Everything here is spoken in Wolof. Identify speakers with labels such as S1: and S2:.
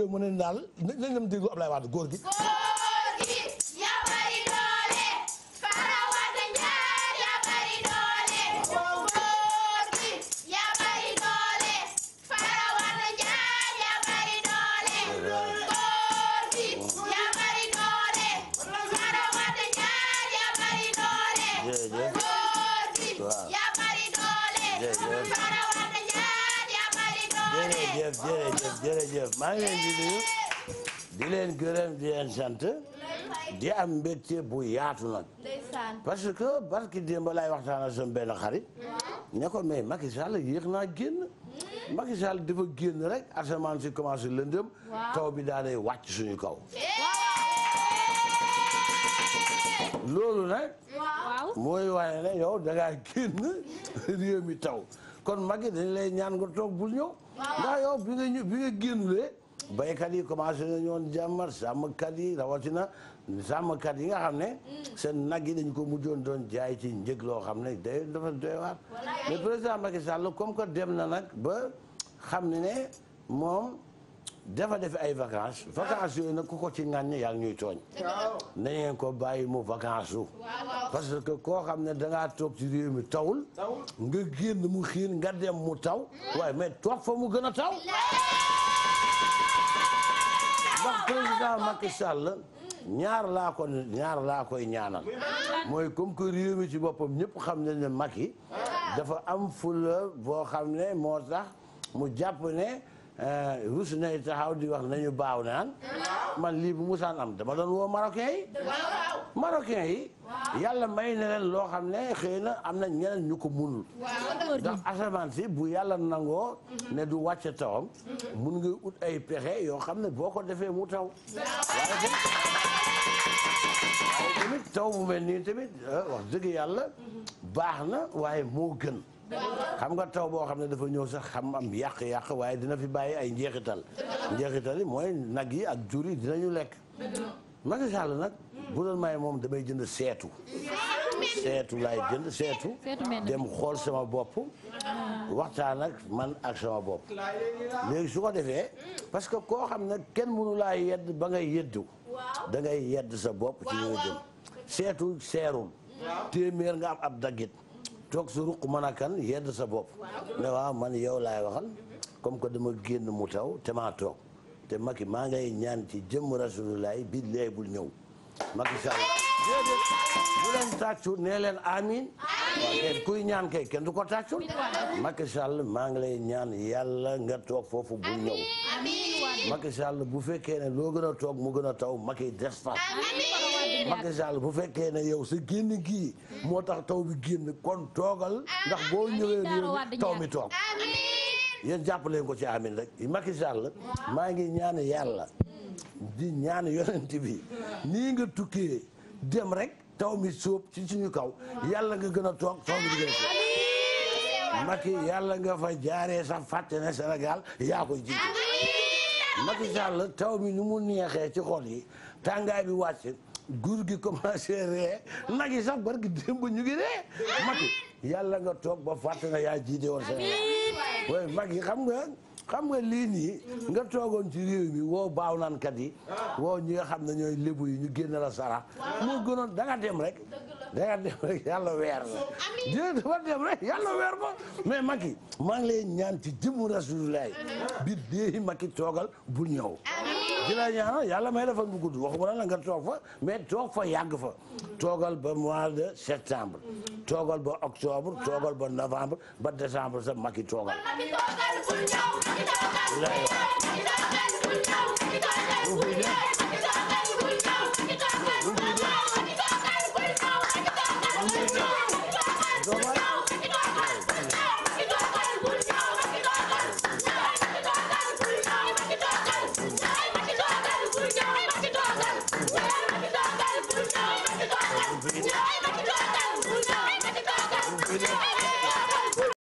S1: yow mu ne daal nañ dem déglu Ablaye Wade góor gi jërëjëf jërëjëf jërëjëf maa ngi leen di nuyu di leen gërëm di leen sant di am mbégte bu yaatu nag parce que barki démb laay waxtaan ak sama benn xarit ne ko mais Macky Sall yéex naa génn Macky Sall dafa génn rek asamaan si commencé lëndëm taw bi daa day wàcc suñu kaw loolu nag mooy waaye ne yow da ngaa génn réew mi taw kon Macky dañ lay ñaan nga toog bul ñëw ndax yow bi nga bi nga génnulee béykat yi commencé nañoon jàmmat sàmmkat yi rawatina sàmmkat yi nga xam ne hmm. seen nag yi dañ ko mujjoon doon jaay ci njëg loo xam ne day dafa doy waar mais président Macky Sall comme que dem na nag ba xam ne ne moom dafa def ay vacances vacances yooyu nag ku ko ci ŋàññi yaa ngi ñuy tooñ. na ngeen ko bàyyi mu vacances su. parce que koo xam ne danga toog ci réew mi tawul. nga génn mu xiir nga dem mu taw. Mm. waaye mais toog fa mu gën a taw. ndax président Macky Sall mm. ñaar laa ñaar laa koy ñaanal. mooy comme que réew mi ci boppam ñëpp xam ne mag yi ah. dafa am fula boo xam ne moo tax mu jàpp ne. rus nay taxaw di wax nañu baaw naan man lii bu musaan am dama doon woo marocain yi marocain yi yàlla may na leen loo xam ne xëy na am na ñeneen ñu ko munul ndax asamaan si bu yàlla nangoo mhm. ne du wàcce tawam mhm. mun nga ut ay pexe yoo xam ne boo ko defee mu taw waaye tamit taw bu mel nii tamit eh, wax dëgg yàlla mhm. baax na waaye moo gën xam nga taw boo xam ne dafa ñëw sax xam am yàq-yàq waaye dina fi bàyyi ay njeexital njeexital yi mooy nag yi ak jur yi dinañu lekk Macky Sall nag bu doon may moom damay jënd seetu seetu laay jënd seetu dem xool sama bopp waxtaan ak man ak sama bopp léegi su ko defee parce que koo xam ne kenn mënu laa yedd ba ngay yeddu da ngay yedd sa bopp ci ñoo jëm seetu seerum téeméer nga am ab daggit toog sa ruq a kan yedd sa bopp ne waaw man yow laay waxal comme que dama génn mu taw te maa toog te maa ngay ñaan ci jëmm rasulullaay bi lee bul ñëw Macky Sall déedéet bu leen tàccu nee leen amiin kuy ñaan kay kenn du ko tàccul Macky Sall maa ngi lay ñaan yàlla nga toog foofu bul ñëw Macky Sall bu fekkee ne loo gën a toog mu gën a taw Macky des fa Macky Sall bu fekkee ne yow sa génn gii moo tax taw bi génn kon toogal ndax boo ñëwee nii taw mi toog yéen jàpp leen ko ci amin rek Macky Sall maa ngi ñaan yàlla di ñaan yonent bi nii nga tukkee dem rek taw mi soob ci suñu kaw yàlla nga gën a toog taw mi gën a Macky yàlla nga fa jaaree sax fàtte ne Sénégal yaa koy jiite taw mi nu mu neexee ci xol yi tàngaay bi wàcc góor gi commencé ree nag yi sax barki démb ñu ngi ree Macky yàlla nga toog ba fàtte na yaa jiite woon seen waaye Macky xam nga xam nga lii nii nga toogoon ci réew mi woo baaw naan kat yi ah. woo ñi nga xam ne ñooy lébu yi ñu génn la sara moo gënoon da nga dem rek da nga dem rek yàlla weer la jé dafa dem rek yàlla weer ma mais Macky maa ngi lay ñaan ci jëmmu Rasulullah bi déeyi Macky toogal bu ñëw di la ñaanal yàlla may la fan bu gudd waxuma la nga toog fa mais toog fa yàgg fa toogal ba mois de septembre toogal ba octobre toogal ba novembre ba desembre sa Macky toogal